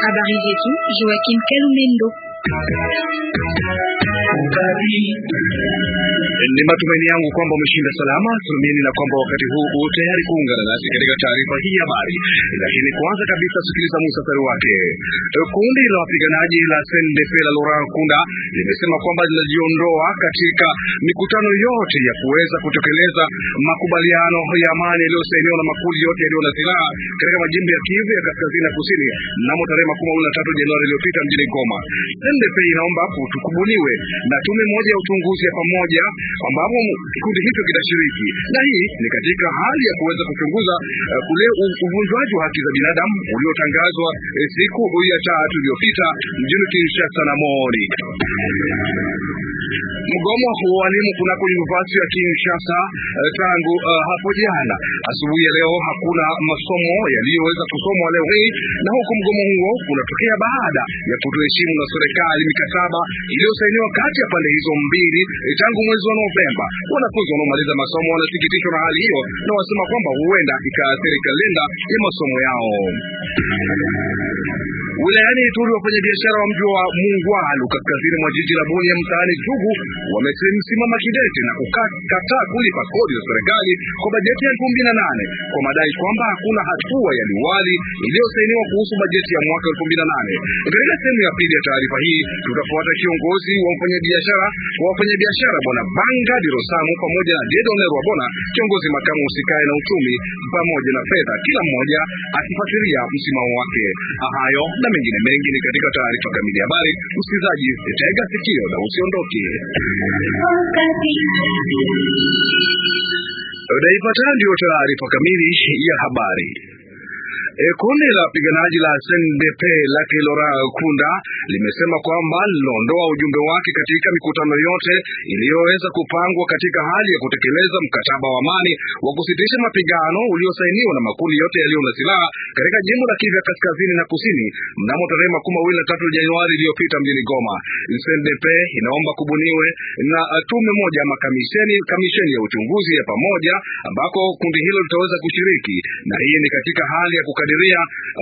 Habari zetu Joaquin Kalumendo Ni matumaini yangu kwamba umeshinda salama tumaini na kwamba wakati huu uko tayari kuungana nasi katika taarifa hii ya habari, lakini kwanza kabisa sikiliza musafari wake. Kundi la wapiganaji la CNDP la Laurent limesema kwamba linajiondoa katika mikutano yote ya kuweza kutekeleza makubaliano ya amani yaliyosainiwa na makundi yote yaliyo na silaha katika majimbo ya Kivu ya kaskazini na kusini mnamo tarehe makumi mawili na tatu Januari iliyopita mjini Goma. CNDP inaomba kubuniwe na tume moja ya uchunguzi ya pamoja ambapo kikundi hicho kitashiriki, na hii ni katika hali ya kuweza kuchunguza uh, kule uvunjwaji wa haki za binadamu uliotangazwa uh, siku ya tatu iliyopita mjini Kinshasa na Mori mgomo wa walimu kunako University ya Kinshasa eh, tangu uh, hapo jana asubuhi ya leo hakuna masomo yaliyoweza kusomwa leo hii, na huku mgomo huo unatokea baada ya kutoheshimu na serikali mikataba iliyosainiwa kati ya pande hizo mbili eh, tangu mwezi wa Novemba. Wanafunzi wanaomaliza masomo wanasikitishwa na hali hiyo na wasema kwamba huenda ikaathiri kalenda ya masomo yao. Wilayani Ituri, wafanyabiashara wa mji wa Mungwalu kaskazini mwa jiji la Bunia mtaani Jugu wamesimama kidete na kukataa kulipa kodi za serikali kwa bajeti ya elfu mbili na nane kwa madai kwamba hakuna hatua ya liwali iliyosainiwa kuhusu bajeti ya mwaka elfu mbili na nane. Katika sehemu ya pili ya taarifa hii tutafuata kiongozi wa mfanyabiashara wa wafanyabiashara Bwana Banga Dirosamu pamoja na Dedone bona kiongozi makamu usikae na uchumi pamoja na fedha, kila mmoja akifasiria msimamo wake. Hayo mengine mengi ni katika taarifa kamili habari. Msikilizaji, tega sikio na usiondoke. Na ndio ndiyo taarifa kamili ya habari. E, kundi la wapiganaji la SNDP lake lora kunda limesema kwamba linaondoa ujumbe wake katika mikutano yote iliyoweza kupangwa katika hali ya kutekeleza mkataba wa amani wa kusitisha mapigano uliosainiwa na makundi yote yaliyo na silaha katika jimbo la Kivu kaskazini na kusini mnamo tarehe makumi mawili na tatu Januari iliyopita mjini Goma. SNDP inaomba kubuniwe na tume moja ama kamisheni, kamisheni ya uchunguzi ya pamoja ambako kundi hilo litaweza kushiriki, na hii ni katika hali ya kukadiria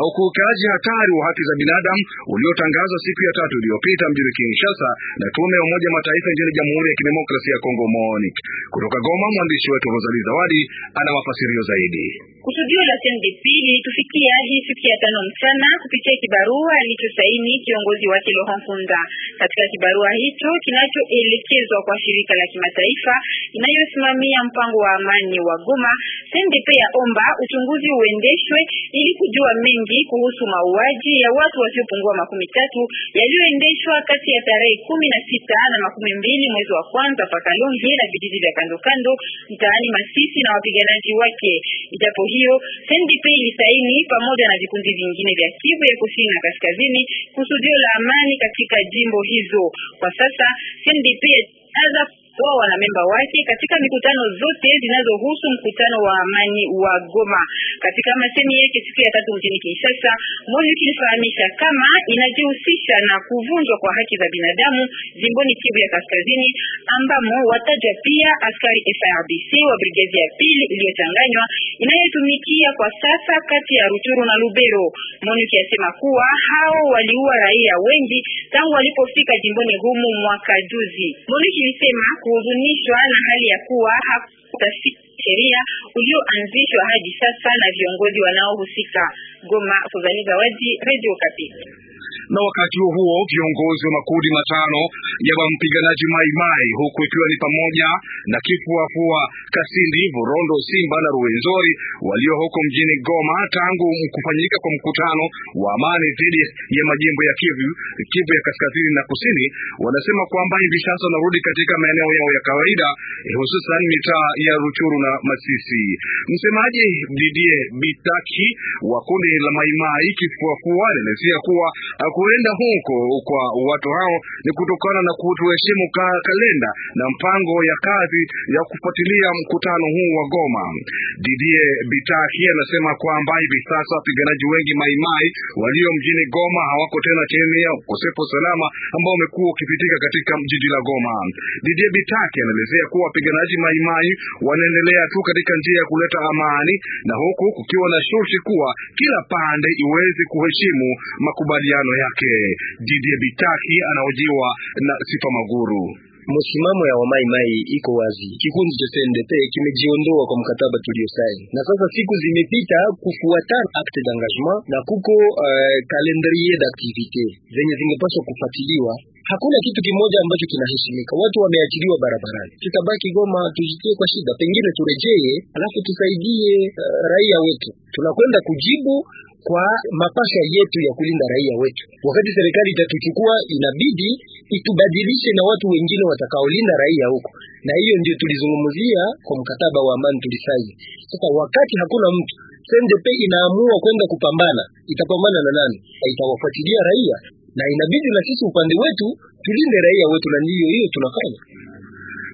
ukiukaji hatari wa haki za binadamu uliotangazwa siku ya tatu iliyopita mjini Kinshasa na tume ya Umoja Mataifa nchini Jamhuri ya Kidemokrasia ya Kongo MONUC. Kutoka Goma, mwandishi wetu Rosali Zawadi ana mafasirio zaidi. Kusudio la CNDP lilitufikia hadi siku ya tano mchana kupitia kibarua alichosaini kiongozi wake Laurent Nkunda. Katika kibarua hicho kinachoelekezwa kwa shirika la kimataifa inayosimamia mpango wa amani wa Goma, CNDP yaomba uchunguzi uendeshwe ili kujua mengi kuhusu mauaji ya watu wasiopungua makumi tatu yaliyoendeshwa kati ya tarehe kumi na sita na makumi mbili mwezi wa kwanza lungi na vijiji vya kando kando mtaani Masisi na wapiganaji wake. Japo hiyo CNDP ilisaini pamoja na vikundi vingine vya Kivu ya kusini na kaskazini kusudio la amani katika jimbo hizo. Kwa sasa CNDP aza kutoa wanamemba wake katika mikutano zote zinazohusu mkutano wa amani wa Goma. Katika masemi yake siku ya tatu mjini Kinshasa, MONUC ilifahamisha kama inajihusisha na kuvunjwa kwa haki za binadamu jimboni Kivu ya Kaskazini, ambamo wataja pia askari FARDC wa brigedi ya pili iliyochanganywa inayotumikia kwa sasa kati ya Ruchuru na Lubero. MONUC yasema kuwa hao waliua raia wengi tangu walipofika jimboni humu mwaka juzi. MONUC ilisema kuhuzunishwa na hali ya kuwa hakutafiti sheria ulioanzishwa hadi sasa na viongozi wanaohusika. Goma, Fuzali Wadi, Radio Kapi na wakati huo huo viongozi wa makundi matano ya wampiganaji Maimai, huku ikiwa ni pamoja na Kifuafua, Kasindi, Vurondo, Simba na Ruwenzori walio huko mjini Goma tangu kufanyika kwa mkutano wa amani dhidi ya majimbo ya Kivu, Kivu ya kaskazini na kusini, wanasema kwamba hivi sasa wanarudi katika maeneo yao ya kawaida, hususan mitaa ya Ruchuru na Masisi. Msemaji Didie Bitaki wa kundi la Maimai Kifuafua anaelezea kuwa Kuenda huko kwa watu hao ni kutokana na kutoheshimu kalenda na mpango ya kazi ya kufuatilia mkutano huu wa Goma. didie Bitaki anasema kwamba hivi sasa wapiganaji wengi maimai walio mjini Goma hawako tena chini ya ukosefu salama ambao umekuwa ukipitika katika jiji la Goma. didie Bitaki anaelezea kuwa wapiganaji maimai wanaendelea tu katika njia ya kuleta amani, na huku kukiwa na shurti kuwa kila pande iwezi kuheshimu makubaliano ya yake. Didier Bitaki anahojiwa na Sifa Maguru. Msimamo ya wamaimai iko wazi, kikundi cha CNDP kimejiondoa kwa mkataba tuliosaini, na sasa siku zimepita kufuatana acte d'engagement na kuko eh, calendrier uh, d'activité zenye zingepaswa kufuatiliwa. Hakuna kitu kimoja ambacho kinaheshimika. Watu wameachiliwa barabarani, tutabaki Goma tujitie kwa shida, pengine turejee, alafu tusaidie uh, raia wetu. Tunakwenda kujibu kwa mapasha yetu ya kulinda raia wetu. Wakati serikali itatuchukua, inabidi itubadilishe na watu wengine watakaolinda raia huko, na hiyo ndio tulizungumzia kwa mkataba wa amani tulisaini. Sasa wakati hakuna mtu CNDP inaamua kwenda kupambana, itapambana na nani? Itawafuatilia raia, na inabidi na sisi upande wetu tulinde raia wetu, na ndiyo hiyo tunafanya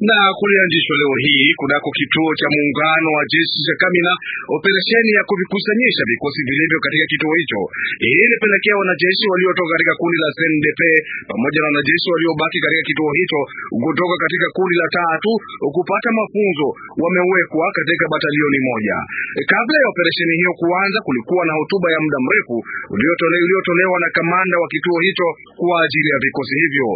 na kulianzishwa leo hii kunako kituo cha muungano wa jeshi cha Kamina operesheni ya kuvikusanyisha vikosi vilivyo katika kituo hicho. Hii ilipelekea wanajeshi waliotoka katika kundi la sndp pamoja na wanajeshi waliobaki katika kituo hicho kutoka katika kundi la tatu kupata mafunzo, wamewekwa katika batalioni moja. Kabla ya operesheni hiyo kuanza, kulikuwa na hotuba ya muda mrefu uliotolewa na kamanda wa kituo hicho kwa ajili ya vikosi hivyo.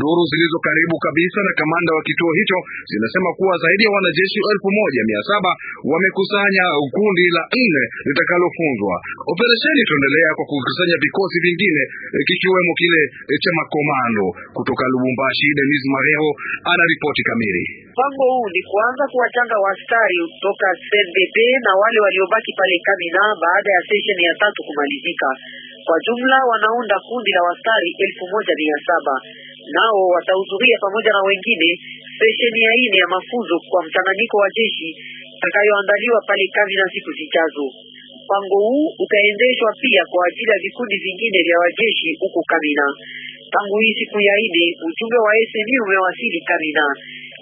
Duru zilizo karibu kabisa na kamanda wa kituo hicho hicho zinasema kuwa zaidi ya wanajeshi elfu moja mia saba wamekusanya kundi la nne litakalofunzwa. Operesheni itaendelea kwa kukusanya vikosi vingine eh, kikiwemo kile eh, cha makomando kutoka Lubumbashi. Denis Mareho ana ripoti kamili. Mpango huu ni kuanza kuwachanga waskari kutoka CNDP na wale waliobaki pale Kamina baada ya sesheni ya tatu kumalizika. Kwa jumla wanaunda kundi la waskari elfu moja mia saba nao watahudhuria pamoja na wengine sesheni ya ine ya mafunzo kwa mchanganyiko wa jeshi itakayoandaliwa pale kavi na siku zijazo. Mpango huu utaendeshwa pia kwa ajili ya vikundi vingine vya wajeshi huko Kamina. Tangu hii siku ya ine, ujumbe wa SMU umewasili Kamina,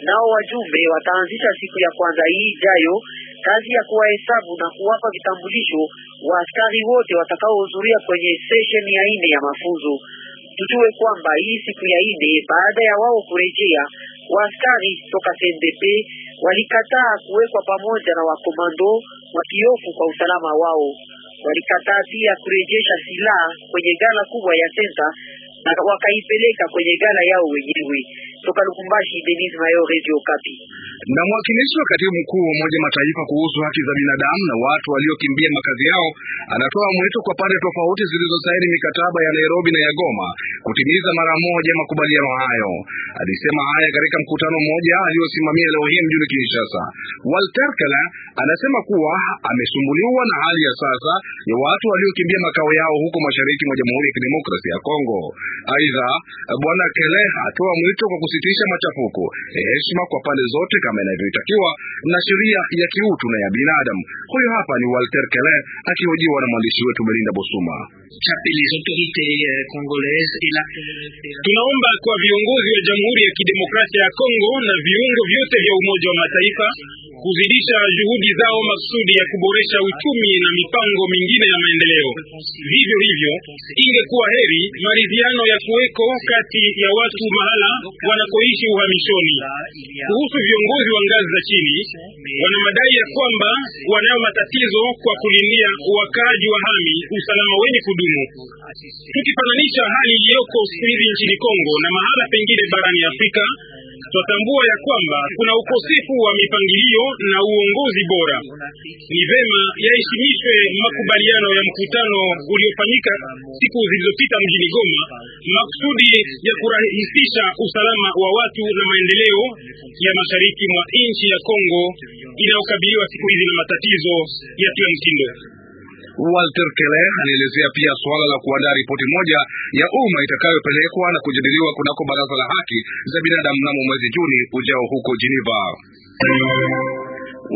nao wajumbe wataanzisha siku ya kwanza hii ijayo kazi ya kuwahesabu na kuwapa vitambulisho askari wote watakaohudhuria kwenye sesheni ya ine ya mafunzo. Tujue kwamba hii siku ya ine baada ya wao kurejea waaskari toka CNDP walikataa kuwekwa pamoja na wakomando wakiofu kwa usalama wao. Walikataa pia kurejesha silaha kwenye gala kubwa ya senta na wakaipeleka kwenye gala yao wenyewe. Toka Lubumbashi, Denis Mayo, Radio Kapi. Na mwakilishi wa katibu mkuu wa Umoja Mataifa kuhusu haki za binadamu na watu waliokimbia makazi yao anatoa mwito kwa pande tofauti zilizosaini mikataba ya Nairobi na ya Goma kutimiza mara moja makubaliano hayo. Alisema haya katika mkutano mmoja aliyosimamia leo hii mjini Kinshasa. Walter Kala anasema kuwa amesumbuliwa na hali ya sasa ya watu waliokimbia makao yao huko mashariki mwa Jamhuri ya Kidemokrasia ya Kongo. Aidha, bwana Kele atoa mwito kwa kusitisha machafuko, heshima kwa pande zote kama inavyotakiwa na sheria ya kiutu na ya binadamu. Huyo hapa ni Walter Kele akihojiwa na mwandishi wetu melinda Bosuma. Eh, tunaomba kwa viongozi wa Jamhuri ya Kidemokrasia ya Kongo na viungo vyote vya Umoja wa Mataifa kuzidisha juhudi zao maksudi ya kuboresha uchumi na mipango mingine ya maendeleo. Vivyo hivyo, ingekuwa heri maridhiano ya kuweko kati ya watu mahala wanakoishi uhamishoni. Kuhusu viongozi wa ngazi za chini, wana madai ya kwamba wanayo matatizo kwa kulindia wakaaji wa hami usalama wenye kudumu. Tukifananisha hali iliyoko siku hizi nchini Kongo na mahala pengine barani Afrika Twatambua ya kwamba kuna ukosefu wa mipangilio na uongozi bora. Ni vema yaheshimishwe makubaliano ya mkutano uliofanyika siku zilizopita mjini Goma, makusudi ya kurahisisha usalama wa watu na maendeleo ya mashariki mwa nchi ya Kongo inayokabiliwa siku hizi na matatizo ya kila mtindo. Walter Kele anaelezea pia suala la kuandaa ripoti moja ya umma itakayopelekwa na kujadiliwa kunako Baraza la Haki za Binadamu mnamo mwezi Juni ujao huko Geneva.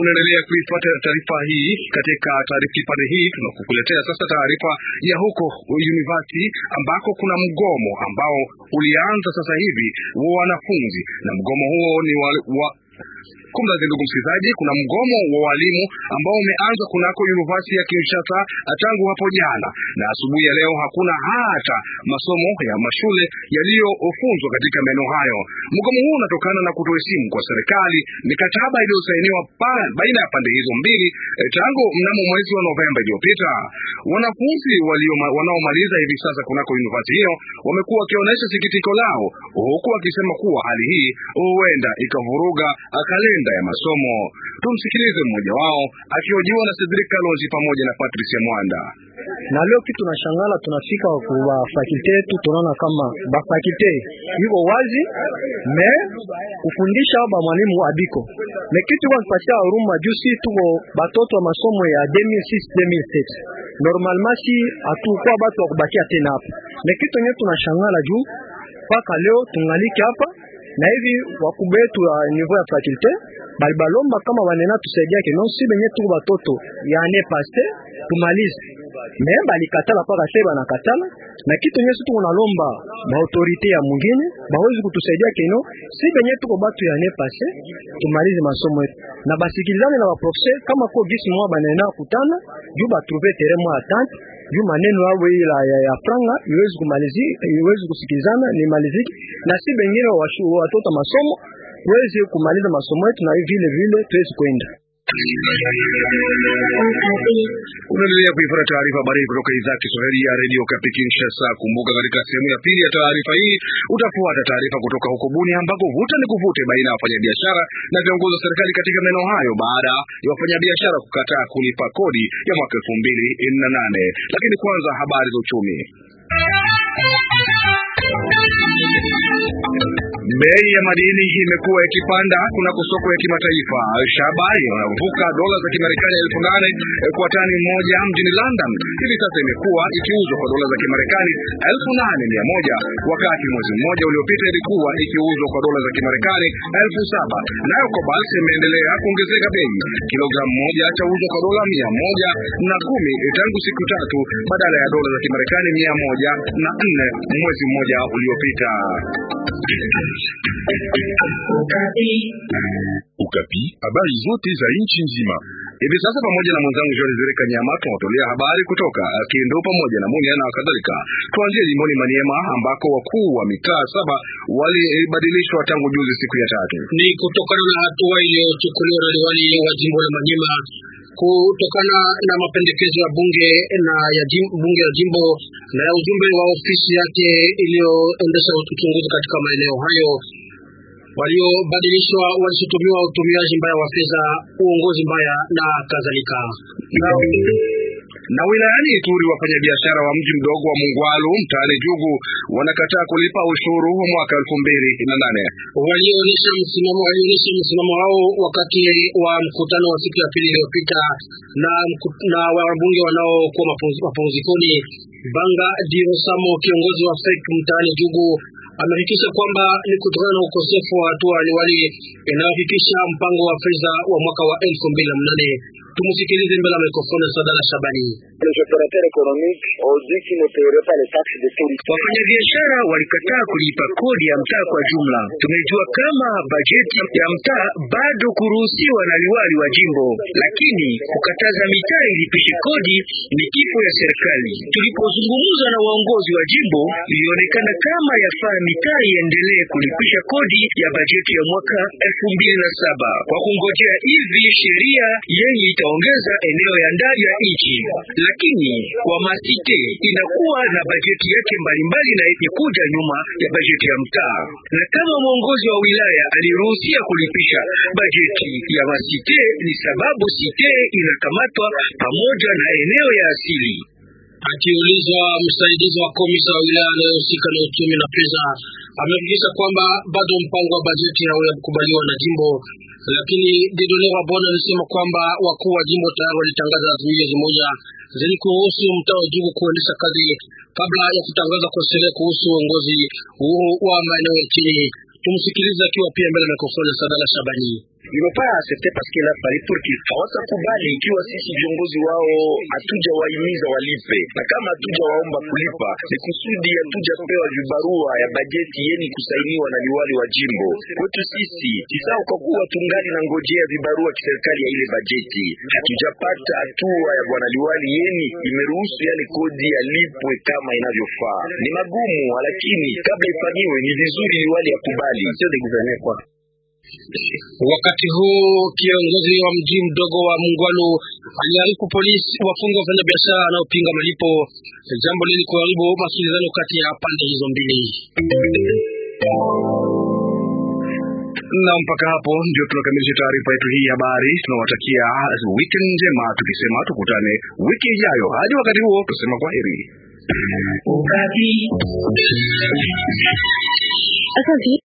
Unaendelea kuifuata taarifa hii katika taarifa kipande hii, tunakukuletea sasa taarifa ya huko university ambako kuna mgomo ambao ulianza sasa hivi wa wanafunzi, na mgomo huo ni wa, wa Kumbe ndugu msikilizaji, kuna mgomo wa walimu ambao umeanza kunako University ya Kinshasa tangu hapo jana na asubuhi ya leo hakuna hata masomo ya mashule yaliyofunzwa katika maeneo hayo. Mgomo huu unatokana na kutoheshimu kwa serikali mikataba iliyosainiwa baina ya pande hizo mbili eh, tangu mnamo mwezi wa Novemba iliyopita. Wanafunzi wanaomaliza hivi sasa kunako university hiyo wamekuwa wakionyesha sikitiko lao, huku wakisema kuwa hali hii huenda ikavuruga kalenda ya masomo. Tumsikilize mmoja wao akihojiwa na Cedric Kalonzi pamoja na Patrice Mwanda. Na leo kitu tunashangala, tunafika kwa fakulte yetu tunaona kama bafakulte iko wazi me kufundisha ba mwalimu abiko me kitu kwa kupatia huruma juu, si tuko batoto wa masomo ya 2006 2007 normalement, si hatukuwa batu wa kubakia tena hapa, me kitu yenyewe tunashangala juu mpaka leo tungaliki hapa na hivi wakubwa wetu wa niveau ya faculté balibalomba kama wanena tusaidia ke si benye tuko batoto ya yane passe tumalize me balikatala paka se banakatala na kitu nyesi tuko nalomba baautorite ya mungine bawezi kutusaidia keno si benye tuko batu ya yane passe tumalize masomo yetu na basikilizane na baprofese kama ko gisi mwa banena kutana juu batrouve terrain mwa atante juu maneno yao ila ya, ya franga iwezi kumalizi iwezi kusikizana ni maliziki, na si bengine wa watoto masomo weze kumaliza masomo yetu, na vile vile tuwezi kwenda Unaendelea kuifuata taarifa habari kutoka idhaa Kiswahili ya redio Okapi Kinshasa. Kumbuka, katika sehemu ya pili ya taarifa hii utafuata taarifa kutoka huko buni ambako vuta ni kuvute baina ya wafanyabiashara na viongozi wa serikali katika maeneo hayo baada ya wafanyabiashara kukataa kulipa kodi ya mwaka elfu mbili na nane. Lakini kwanza habari za uchumi Bei ya madini imekuwa ikipanda kunako soko ya kimataifa. Shaba inavuka dola za Kimarekani elfu nane kwa tani moja mjini London, hivi sasa imekuwa ikiuzwa kwa dola za Kimarekani elfu nane mia moja wakati mwezi mmoja uliopita ilikuwa ikiuzwa kwa dola za Kimarekani elfu saba Nayo cobalt imeendelea kuongezeka bei, kilogramu moja chauzwa kwa dola mia moja na kumi tangu siku tatu badala ya dola za Kimarekani mia moja na nne mwezi mmoja mmoja uliopita. Ukapi, habari zote za nchi nzima. Hivi sasa pamoja na mwenzangu Jean Zereka Kanyama tunatolea habari kutoka Kindo pamoja na Munya na kadhalika. Tuanzie limoni Maniema ambako wakuu wa mitaa saba walibadilishwa tangu juzi siku ya tatu. Ni kutokana na hatua iliyochukuliwa na liwali wa jimbo la Maniema kutokana na mapendekezo ya bunge na ya jimbo, bunge ya jimbo na ya ujumbe wa ofisi yake iliyoendesha uchunguzi katika maeneo hayo. Waliobadilishwa walishutumiwa utumiaji mbaya wa fedha, uongozi mbaya na kadhalika. Na wilayani Ituri, wafanyabiashara wa mji mdogo wa Mungwalu mtaani Jugu wanakataa kulipa ushuru wa mwaka elfu mbili na nane walionyesha msimamo wao wakati wa mkutano wa siku ya pili iliyopita na, na wabunge wanaokuwa mapumzikoni. Banga Dirosamo, kiongozi wa FEC mtaani Jugu, amehakikisha kwamba ni kutokana na ukosefu wa hatua waliwali inayohakikisha mpango wa fedha wa mwaka wa elfu mbili na mnane Tumusikilize mbele ya mikrofoni Sadala Shabani. biashara walikataa kulipa kodi ya mtaa kwa jumla. Tumejua kama bajeti ya mtaa bado kuruhusiwa na liwali wa jimbo, lakini kukataza mitaa ilipishe kodi ni kifo ya serikali. Tulipozungumza na waongozi wa jimbo, ilionekana kama yafaa mitaa iendelee kulipisha kodi ya bajeti ya mwaka elfu mbili na saba kwa kungojea hivi sheria yenye ita inaongeza eneo ya ndani ya nchi, lakini kwa masite inakuwa na bajeti yake mbalimbali na yenye kuja nyuma ya bajeti ya mtaa, na kama mwongozi wa wilaya aliruhusia kulipisha bajeti ya masite ni sababu site inakamatwa pamoja na eneo ya asili. Akiulizwa, msaidizi wa komisa wa wilaya anayohusika na uchumi na pesa amebainisha kwamba bado mpango wa bajeti haujakubaliwa na jimbo lakini wa Bona alisema kwamba wakuu wa jimbo tayari walitangaza zuia zimoja zili kuruhusu mtaa wa Jugu kuendesha kazi kabla ya kutangaza kwa sheria kuhusu uongozi huru wa maeneo ya chini. Tumsikilize akiwa pia mbele na ya sadala Shabani. Hawatakubali ikiwa sisi viongozi wao hatujawahimiza walipe, na kama hatujawaomba kulipa ni kusudi hatujapewa vibarua ya bajeti yeni kusainiwa na liwali wa jimbo kwetu. Sisi kisao kwa kuwa tungali na ngojea vibarua kiserikali ya ile bajeti, hatujapata hatua ya bwana liwali yeni imeruhusu yale kodi yalipwe kama inavyofaa. Ni magumu, lakini kabla ifanyiwe ni vizuri liwali yakubali serikali, Wakati huu kiongozi wa mji mdogo wa Mungwalu aliarifu polisi wafunga biashara anaopinga malipo, jambo lili kuharibu masikilizano kati ya pande hizo mbili. Na mpaka hapo ndio tunakamilisha taarifa yetu hii habari. Tunawatakia weekend njema, tukisema tukutane wiki ijayo. Hadi wakati huo, tusema kwa heri. Asante.